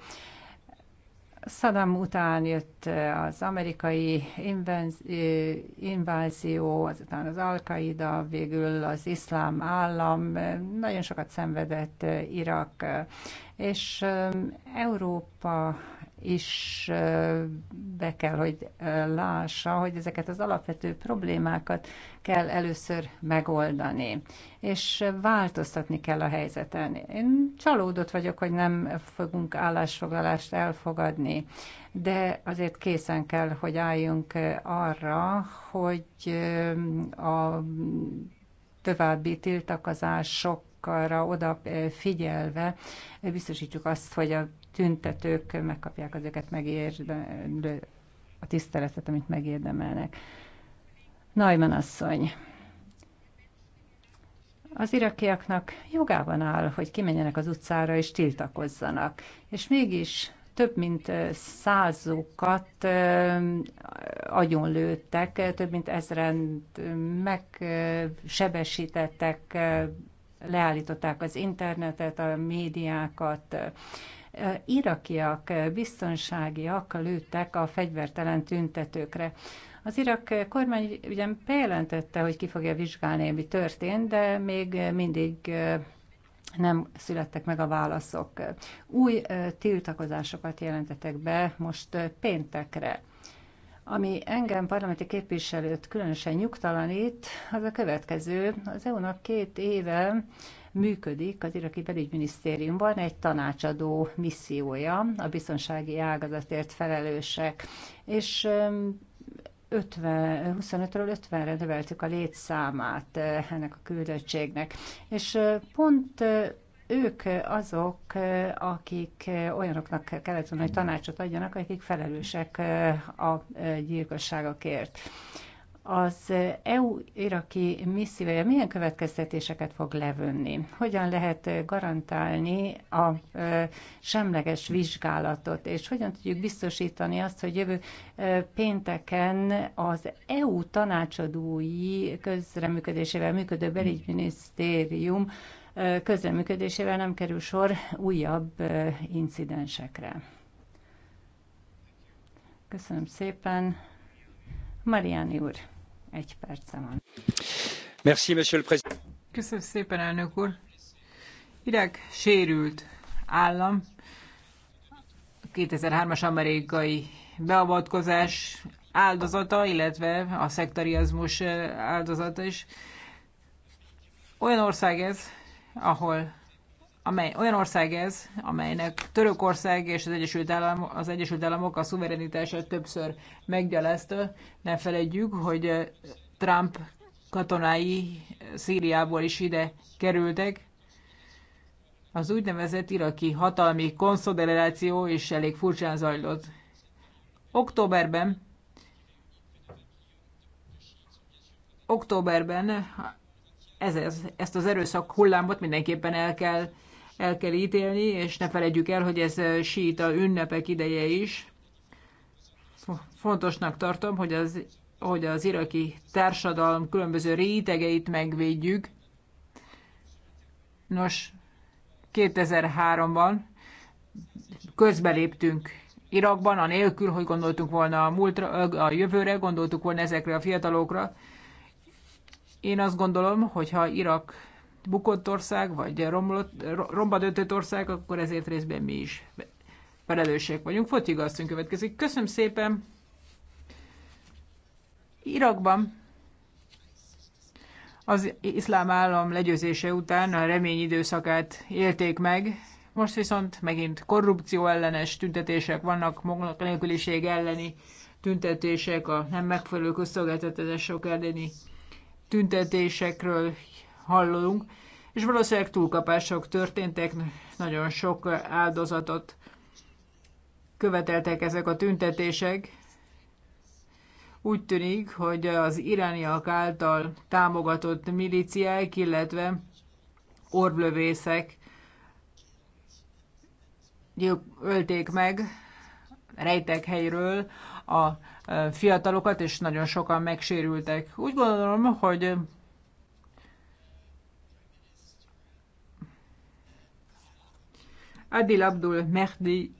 Saddam után jött eh, az amerikai eh, invázió, azután az Al-Qaida, végül az iszlám állam, eh, nagyon sokat szenvedett Irak, és Európa is be kell, hogy lássa, hogy ezeket az alapvető problémákat kell először megoldani, és változtatni kell a helyzeten. Én csalódott vagyok, hogy nem fogunk állásfoglalást elfogadni, de azért készen kell, hogy álljunk arra, hogy a további tiltakozások arra oda figyelve biztosítjuk azt, hogy a tüntetők megkapják az őket megérdemlő, a tiszteletet, amit megérdemelnek. Najman asszony, az irakiaknak jogában áll, hogy kimenjenek az utcára és tiltakozzanak, és mégis több mint százukat agyonlőttek, több mint ezeren megsebesítettek, leállították az internetet, a médiákat, irakiak, biztonságiak lőttek a fegyvertelen tüntetőkre. Az irak kormány ugyan bejelentette, hogy ki fogja vizsgálni, mi történt, de még mindig nem születtek meg a válaszok. Új tiltakozásokat jelentetek be most péntekre. Ami engem parlamenti képviselőt különösen nyugtalanít, az a következő. Az EU-nak két éve működik az iraki belügyminisztériumban egy tanácsadó missziója, a biztonsági ágazatért felelősek, és 50, 25-ről 50-re növeltük a létszámát ennek a küldöttségnek. És pont ők azok, akik olyanoknak kellett volna, hogy tanácsot adjanak, akik felelősek a gyilkosságokért az EU-iraki missziója milyen következtetéseket fog levonni? Hogyan lehet garantálni a semleges vizsgálatot, és hogyan tudjuk biztosítani azt, hogy jövő pénteken az EU tanácsadói közreműködésével működő belügyminisztérium közreműködésével nem kerül sor újabb incidensekre? Köszönöm szépen. Mariani úr, egy perce van. Merci, monsieur le président. Köszönöm szépen, elnök úr. Irak sérült állam. 2003-as amerikai beavatkozás áldozata, illetve a szektariazmus áldozata is. Olyan ország ez, ahol amely, olyan ország ez, amelynek Törökország és az Egyesült, Állam, az Egyesült Államok a szuverenitását többször meggyalázta. Ne felejtjük, hogy eh, Trump katonái eh, Szíriából is ide kerültek. Az úgynevezett iraki hatalmi konszolidáció is elég furcsán zajlott. Októberben októberben ez, ez, ezt az erőszak hullámot mindenképpen el kell el kell ítélni, és ne felejtjük el, hogy ez sít a ünnepek ideje is. Fontosnak tartom, hogy az, hogy az iraki társadalom különböző rétegeit megvédjük. Nos, 2003-ban közbeléptünk Irakban, anélkül, hogy gondoltunk volna a, múltra, a jövőre, gondoltuk volna ezekre a fiatalokra. Én azt gondolom, hogy ha Irak bukott ország, vagy romlott, romba döntött ország, akkor ezért részben mi is felelősek vagyunk. Fotig asszony következik. Köszönöm szépen! Irakban az iszlám állam legyőzése után a remény időszakát élték meg, most viszont megint korrupció ellenes tüntetések vannak, nélküliség elleni tüntetések, a nem megfelelő közszolgáltatások elleni tüntetésekről hallunk, és valószínűleg túlkapások történtek, nagyon sok áldozatot követeltek ezek a tüntetések. Úgy tűnik, hogy az irániak által támogatott milíciák, illetve orblövészek ölték meg rejtek helyről a fiatalokat, és nagyon sokan megsérültek. Úgy gondolom, hogy Adil Abdul Mehdi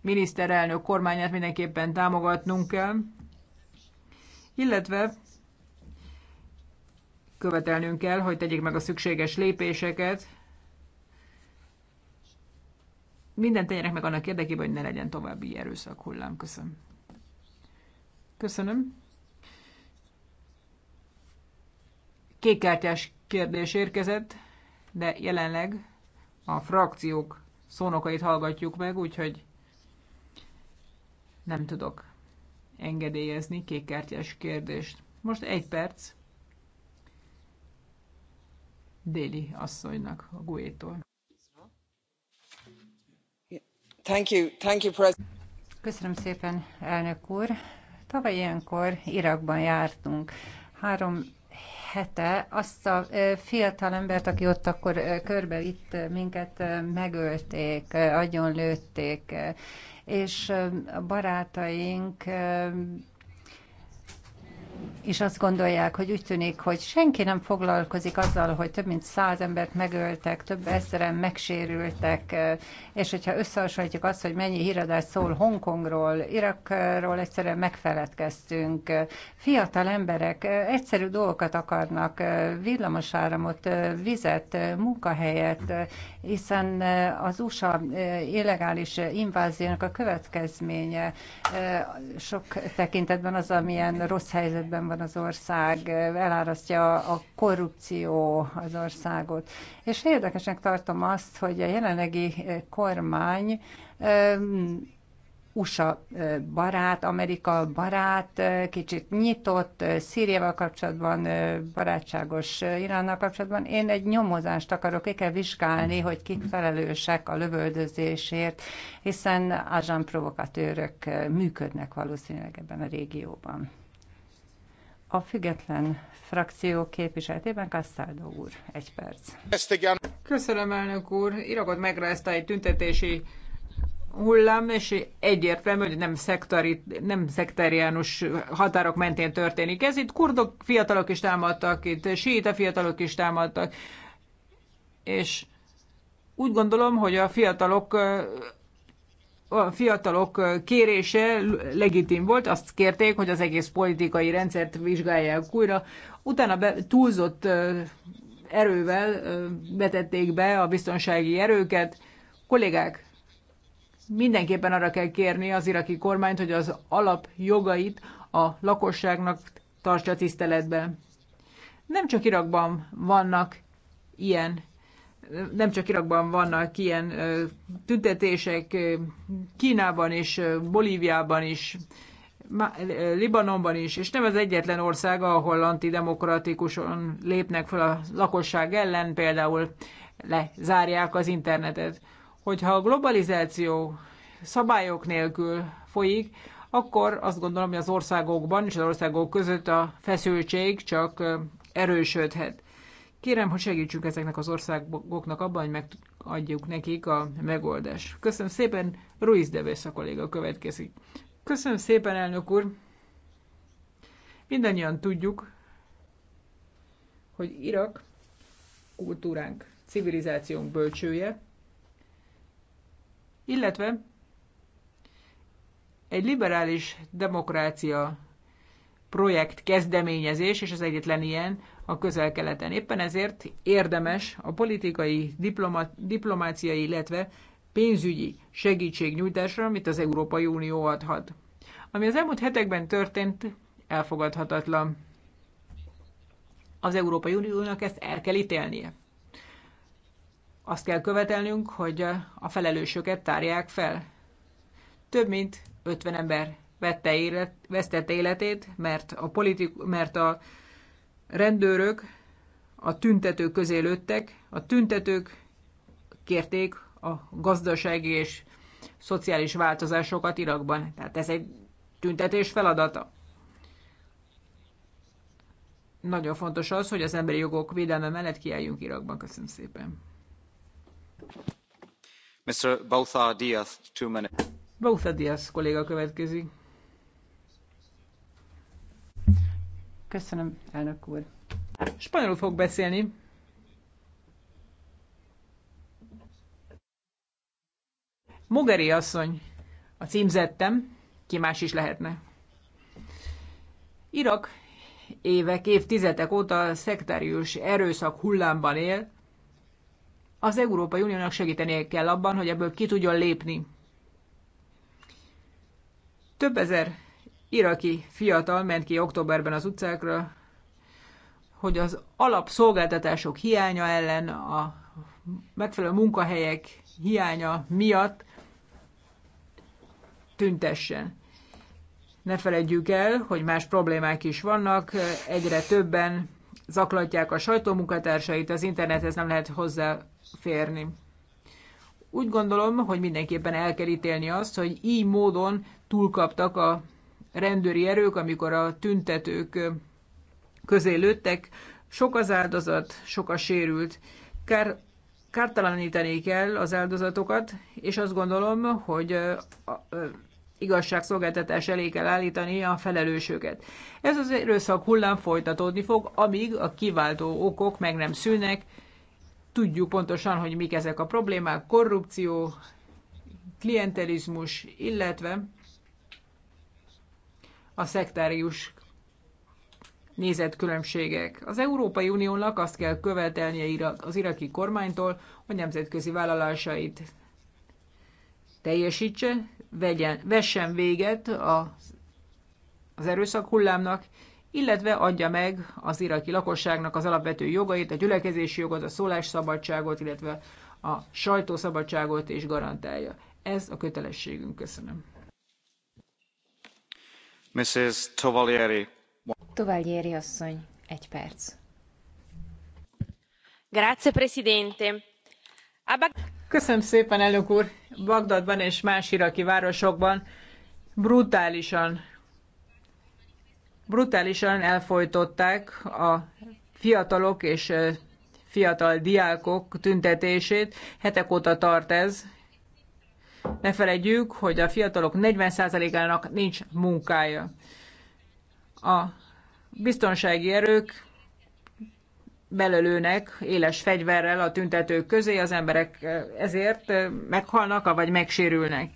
miniszterelnök kormányát mindenképpen támogatnunk kell, illetve követelnünk kell, hogy tegyék meg a szükséges lépéseket, minden tegyenek meg annak érdekében, hogy ne legyen további erőszak hullám. Köszönöm. Köszönöm. Kékkártyás kérdés érkezett, de jelenleg a frakciók szónokait hallgatjuk meg, úgyhogy nem tudok engedélyezni kékkártyás kérdést. Most egy perc Déli asszonynak a Guétól. Thank you, thank you, Köszönöm szépen, elnök úr. Tavaly ilyenkor Irakban jártunk. Három hete azt a fiatal embert, aki ott akkor körbe itt minket megölték, agyonlőtték, és a barátaink és azt gondolják, hogy úgy tűnik, hogy senki nem foglalkozik azzal, hogy több mint száz embert megöltek, több ezeren megsérültek, és hogyha összehasonlítjuk azt, hogy mennyi híradás szól Hongkongról, Irakról, egyszerűen megfeledkeztünk. Fiatal emberek egyszerű dolgokat akarnak, villamosáramot, vizet, munkahelyet, hiszen az USA illegális inváziónak a következménye sok tekintetben az, amilyen rossz helyzetben helyzetben van az ország, elárasztja a korrupció az országot. És érdekesnek tartom azt, hogy a jelenlegi eh, kormány eh, USA eh, barát, Amerika barát, kicsit nyitott, Szíriával kapcsolatban, barátságos Iránnal kapcsolatban. Én egy nyomozást akarok, ki kell vizsgálni, hogy kik felelősek a lövöldözésért, hiszen ázsán provokatőrök működnek valószínűleg ebben a régióban. A független frakció képviseletében Castaldo úr, egy perc. Köszönöm, elnök úr. Irakot megrázta egy tüntetési hullám, és egyértelmű, hogy nem, szektari, nem szektáriánus határok mentén történik. Ez itt kurdok fiatalok is támadtak, itt síta fiatalok is támadtak, és úgy gondolom, hogy a fiatalok a fiatalok kérése legitim volt, azt kérték, hogy az egész politikai rendszert vizsgálják újra. Utána be, túlzott erővel betették be a biztonsági erőket. Kollégák, mindenképpen arra kell kérni az iraki kormányt, hogy az alap jogait a lakosságnak tartsa tiszteletben. Nem csak Irakban vannak ilyen nem csak Irakban vannak ilyen tüntetések, Kínában is, Bolíviában is, Libanonban is, és nem az egyetlen ország, ahol antidemokratikusan lépnek fel a lakosság ellen, például lezárják az internetet. Hogyha a globalizáció szabályok nélkül folyik, akkor azt gondolom, hogy az országokban és az országok között a feszültség csak erősödhet. Kérem, hogy segítsünk ezeknek az országoknak abban, hogy megadjuk nekik a megoldást. Köszönöm szépen, Ruiz Deves a kolléga következik. Köszönöm szépen, elnök úr! Mindannyian tudjuk, hogy Irak kultúránk, civilizációnk bölcsője, illetve egy liberális demokrácia projekt kezdeményezés, és az egyetlen ilyen a közel-keleten. Éppen ezért érdemes a politikai, diploma, diplomáciai, illetve pénzügyi segítségnyújtásra, amit az Európai Unió adhat. Ami az elmúlt hetekben történt, elfogadhatatlan. Az Európai Uniónak ezt el kell ítélnie. Azt kell követelnünk, hogy a felelősöket tárják fel. Több mint 50 ember vette élet, vesztette életét, mert a, politik, mert a rendőrök a tüntetők közé lőttek, a tüntetők kérték a gazdasági és szociális változásokat Irakban. Tehát ez egy tüntetés feladata. Nagyon fontos az, hogy az emberi jogok védelme mellett kiálljunk Irakban. Köszönöm szépen. Mr. Bautha Diaz, two minutes. Bautha Diaz kolléga következik. Köszönöm, elnök úr. Spanyolul fog beszélni. Mogeri asszony, a címzettem, ki más is lehetne. Irak évek, évtizedek óta szektárius erőszak hullámban él, az Európai Uniónak segítenie kell abban, hogy ebből ki tudjon lépni. Több ezer iraki fiatal ment ki októberben az utcákra, hogy az alapszolgáltatások hiánya ellen, a megfelelő munkahelyek hiánya miatt tüntessen. Ne felejtjük el, hogy más problémák is vannak, egyre többen zaklatják a sajtómunkatársait, az internethez nem lehet hozzáférni. Úgy gondolom, hogy mindenképpen el kell ítélni azt, hogy így módon túlkaptak a rendőri erők, amikor a tüntetők közé lőttek. Sok az áldozat, sok a sérült. Kár, kártalanítani kell az áldozatokat, és azt gondolom, hogy a, a, igazságszolgáltatás elé kell állítani a felelősöket. Ez az erőszak hullám folytatódni fog, amíg a kiváltó okok meg nem szűnnek. Tudjuk pontosan, hogy mik ezek a problémák, korrupció, klientelizmus, illetve a szektárius nézetkülönbségek. Az Európai Uniónak azt kell követelnie az iraki kormánytól, hogy nemzetközi vállalásait teljesítse, vegyen, vessen véget a, az erőszak hullámnak, illetve adja meg az iraki lakosságnak az alapvető jogait, a gyülekezési jogot, a szólásszabadságot, illetve a sajtószabadságot és garantálja. Ez a kötelességünk. Köszönöm. Köszönöm szépen, elnök úr! Bagdadban és más iraki városokban brutálisan, brutálisan elfojtották a fiatalok és fiatal diákok tüntetését. Hetek óta tart ez, ne felejtjük, hogy a fiatalok 40%-ának nincs munkája. A biztonsági erők belelőnek éles fegyverrel a tüntetők közé, az emberek eh, ezért eh, meghalnak, vagy megsérülnek.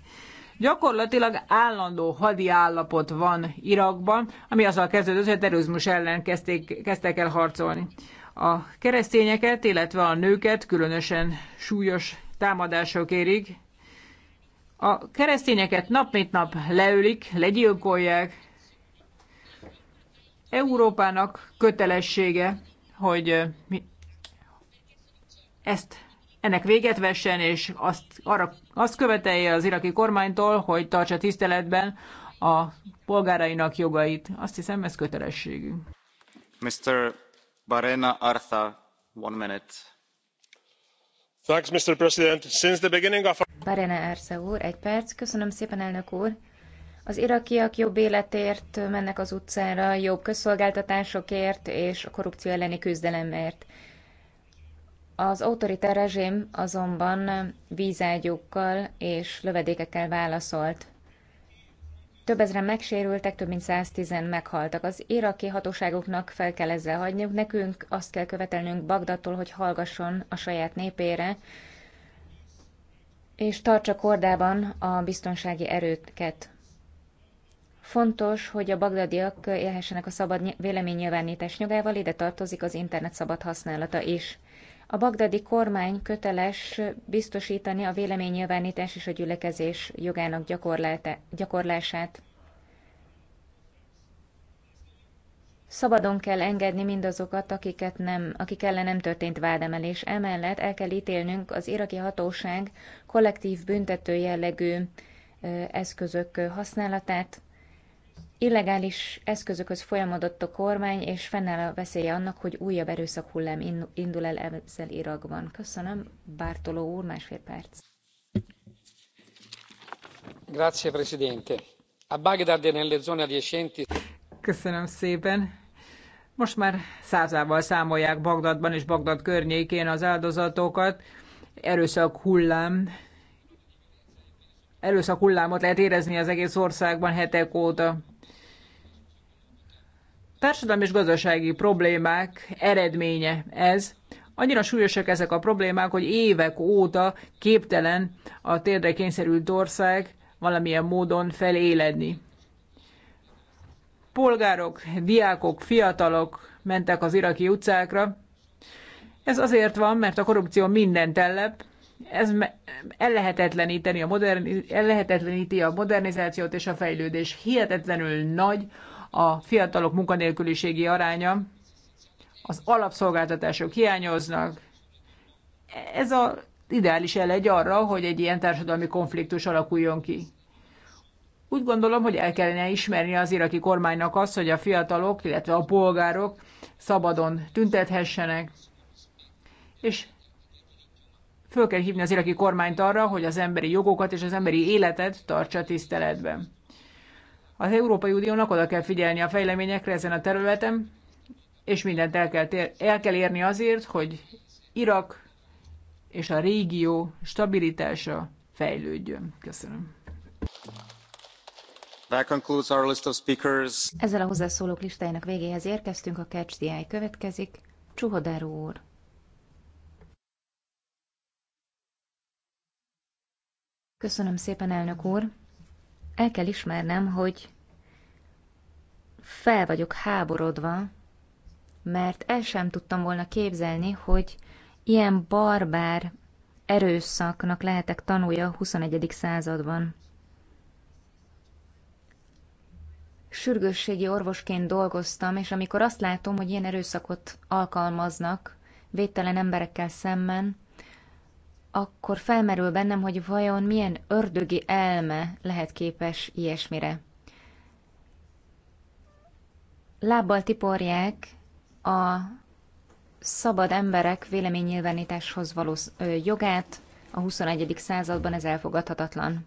Gyakorlatilag állandó hadi állapot van Irakban, ami azzal kezdődött, hogy a terrorizmus ellen kezdték, kezdtek el harcolni. A keresztényeket, illetve a nőket különösen súlyos támadások érik. A keresztényeket nap mint nap leülik, legyilkolják. Európának kötelessége, hogy ezt ennek véget vessen, és azt, arra, azt követelje az iraki kormánytól, hogy tartsa tiszteletben a polgárainak jogait. Azt hiszem, ez kötelességünk. Mr. Barena Artha, one minute mr president úr, egy perc. Köszönöm szépen, elnök úr. Az irakiak jobb életért mennek az utcára, jobb közszolgáltatásokért és a korrupció elleni küzdelemért. Az autoriter rezsim azonban vízágyúkkal és lövedékekkel válaszolt. Több ezren megsérültek, több mint 110 meghaltak. Az iraki hatóságoknak fel kell ezzel hagyniuk, nekünk azt kell követelnünk Bagdattól, hogy hallgasson a saját népére, és tartsa kordában a biztonsági erőket. Fontos, hogy a bagdadiak élhessenek a szabad véleménynyilvánítás nyugával, ide tartozik az internet szabad használata is. A bagdadi kormány köteles biztosítani a véleménynyilvánítás és a gyülekezés jogának gyakorlását. Szabadon kell engedni mindazokat, akiket nem, akik ellen nem történt vádemelés. Emellett el kell ítélnünk az iraki hatóság kollektív büntető jellegű eszközök használatát, Illegális eszközökhöz folyamodott a kormány, és fennáll a veszélye annak, hogy újabb erőszak hullám indul el ezzel Irakban. Köszönöm, Bártoló úr, másfél perc. Grazie, Presidente. A Bagdad nelle zone adiacenti... Köszönöm szépen. Most már százával számolják Bagdadban és Bagdad környékén az áldozatokat. Erőszak hullám erőszak hullámot lehet érezni az egész országban hetek óta. Társadalmi és gazdasági problémák eredménye ez. Annyira súlyosak ezek a problémák, hogy évek óta képtelen a térdre kényszerült ország valamilyen módon feléledni. Polgárok, diákok, fiatalok mentek az iraki utcákra. Ez azért van, mert a korrupció minden tellep. ez ellehetetleníteni a moderni, ellehetetleníti a modernizációt és a fejlődés. Hihetetlenül nagy a fiatalok munkanélküliségi aránya, az alapszolgáltatások hiányoznak. Ez az ideális elegy arra, hogy egy ilyen társadalmi konfliktus alakuljon ki. Úgy gondolom, hogy el kellene ismerni az iraki kormánynak azt, hogy a fiatalok, illetve a polgárok szabadon tüntethessenek, és föl kell hívni az iraki kormányt arra, hogy az emberi jogokat és az emberi életet tartsa tiszteletben. Az Európai Uniónak oda kell figyelni a fejleményekre ezen a területen, és mindent el kell, tér, el kell érni azért, hogy Irak és a régió stabilitása fejlődjön. Köszönöm. That concludes our list of speakers. Ezzel a hozzászólók listájának végéhez érkeztünk, a Catch the Eye következik. Csuhodáru úr. Köszönöm szépen, elnök úr el kell ismernem, hogy fel vagyok háborodva, mert el sem tudtam volna képzelni, hogy ilyen barbár erőszaknak lehetek tanulja a 21. században. Sürgősségi orvosként dolgoztam, és amikor azt látom, hogy ilyen erőszakot alkalmaznak védtelen emberekkel szemben, akkor felmerül bennem, hogy vajon milyen ördögi elme lehet képes ilyesmire. Lábbal tiporják a szabad emberek véleménynyilvánításhoz való jogát, a 21. században ez elfogadhatatlan.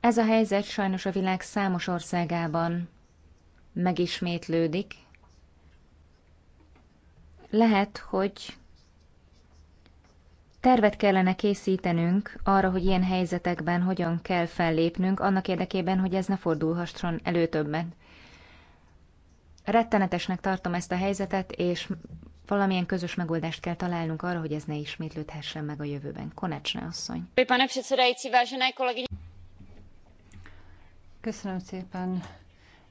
Ez a helyzet sajnos a világ számos országában megismétlődik. Lehet, hogy Tervet kellene készítenünk arra, hogy ilyen helyzetekben hogyan kell fellépnünk, annak érdekében, hogy ez ne fordulhasson elő többen. Rettenetesnek tartom ezt a helyzetet, és valamilyen közös megoldást kell találnunk arra, hogy ez ne ismétlődhessen meg a jövőben. Konecsne asszony. Köszönöm szépen.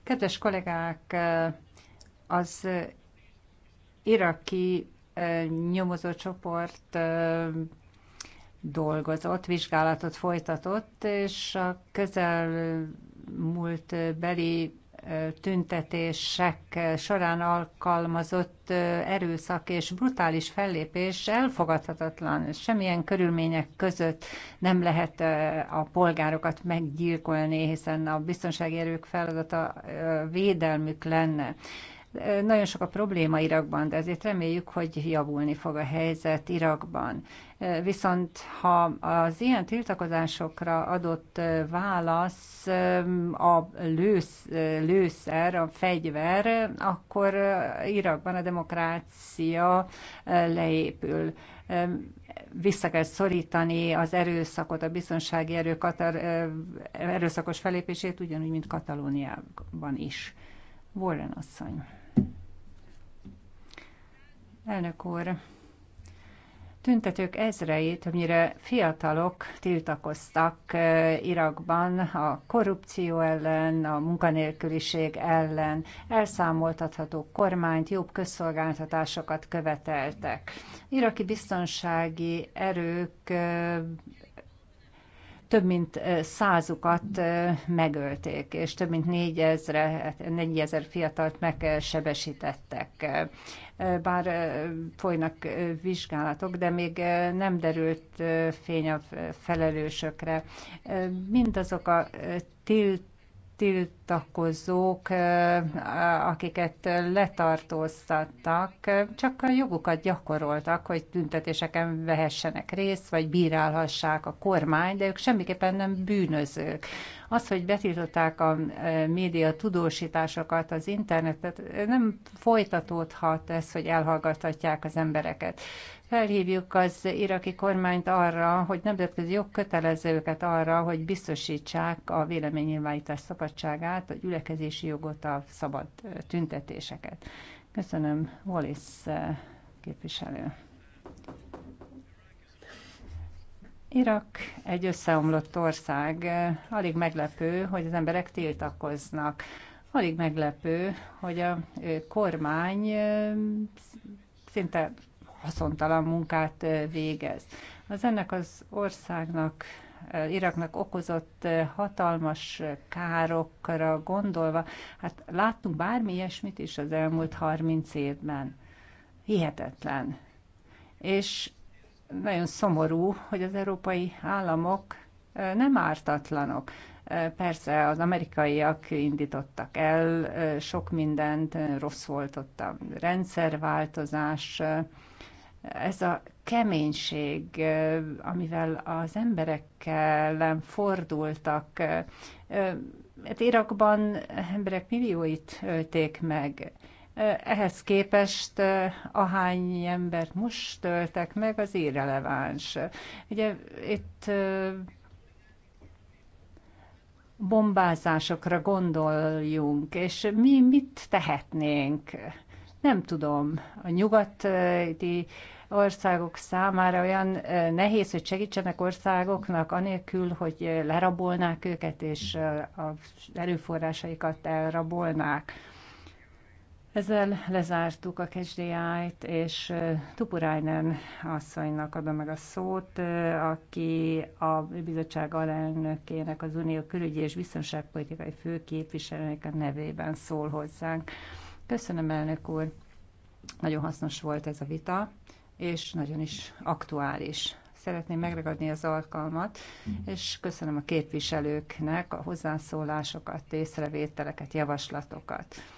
Kedves kollégák, az iraki nyomozó csoport dolgozott, vizsgálatot folytatott, és a közel múlt beli tüntetések során alkalmazott erőszak és brutális fellépés elfogadhatatlan. Semmilyen körülmények között nem lehet a polgárokat meggyilkolni, hiszen a biztonsági erők feladata védelmük lenne. Nagyon sok a probléma Irakban, de azért reméljük, hogy javulni fog a helyzet Irakban. Viszont ha az ilyen tiltakozásokra adott válasz a lősz, lőszer, a fegyver, akkor Irakban a demokrácia leépül vissza kell szorítani az erőszakot, a biztonsági erő katar, erőszakos felépését, ugyanúgy, mint Katalóniában is. Warren asszony. Elnök úr, tüntetők ezrei, többnyire fiatalok tiltakoztak Irakban a korrupció ellen, a munkanélküliség ellen, elszámoltatható kormányt, jobb közszolgáltatásokat követeltek. Iraki biztonsági erők több mint százukat megölték, és több mint négyezer, hát fiatalt megsebesítettek bár folynak vizsgálatok, de még nem derült fény a felelősökre. Mindazok a tilt tiltakozók, akiket letartóztattak, csak a jogukat gyakoroltak, hogy tüntetéseken vehessenek részt, vagy bírálhassák a kormány, de ők semmiképpen nem bűnözők. Az, hogy betiltották a média tudósításokat, az internetet, nem folytatódhat ez, hogy elhallgathatják az embereket. Felhívjuk az iraki kormányt arra, hogy nemzetközi jog kötelező őket arra, hogy biztosítsák a véleménynyilvánítás szabadságát, a gyülekezési jogot, a szabad tüntetéseket. Köszönöm, Wallis képviselő. Irak egy összeomlott ország. Alig meglepő, hogy az emberek tiltakoznak. Alig meglepő, hogy a kormány szinte haszontalan munkát végez. Az ennek az országnak Iraknak okozott hatalmas károkra gondolva, hát láttunk bármi ilyesmit is az elmúlt 30 évben. Hihetetlen. És nagyon szomorú, hogy az európai államok nem ártatlanok. Persze az amerikaiak indítottak el sok mindent, rossz volt ott a rendszerváltozás, ez a keménység, eh, amivel az emberekkel fordultak. Eh, hát Irakban emberek millióit ölték meg. Eh, ehhez képest ahány embert most öltek meg, az irreleváns. Ugye itt bombázásokra gondoljunk, és mi mit tehetnénk? Nem tudom, a nyugati országok számára olyan nehéz, hogy segítsenek országoknak, anélkül, hogy lerabolnák őket, és az erőforrásaikat elrabolnák. Ezzel lezártuk a KSDI-t, és Tupurainen asszonynak adom meg a szót, aki a bizottság alelnökének, az Unió külügyi és biztonságpolitikai főképviselőnek a nevében szól hozzánk. Köszönöm, elnök úr. Nagyon hasznos volt ez a vita, és nagyon is aktuális. Szeretném megragadni az alkalmat, és köszönöm a képviselőknek a hozzászólásokat, észrevételeket, javaslatokat.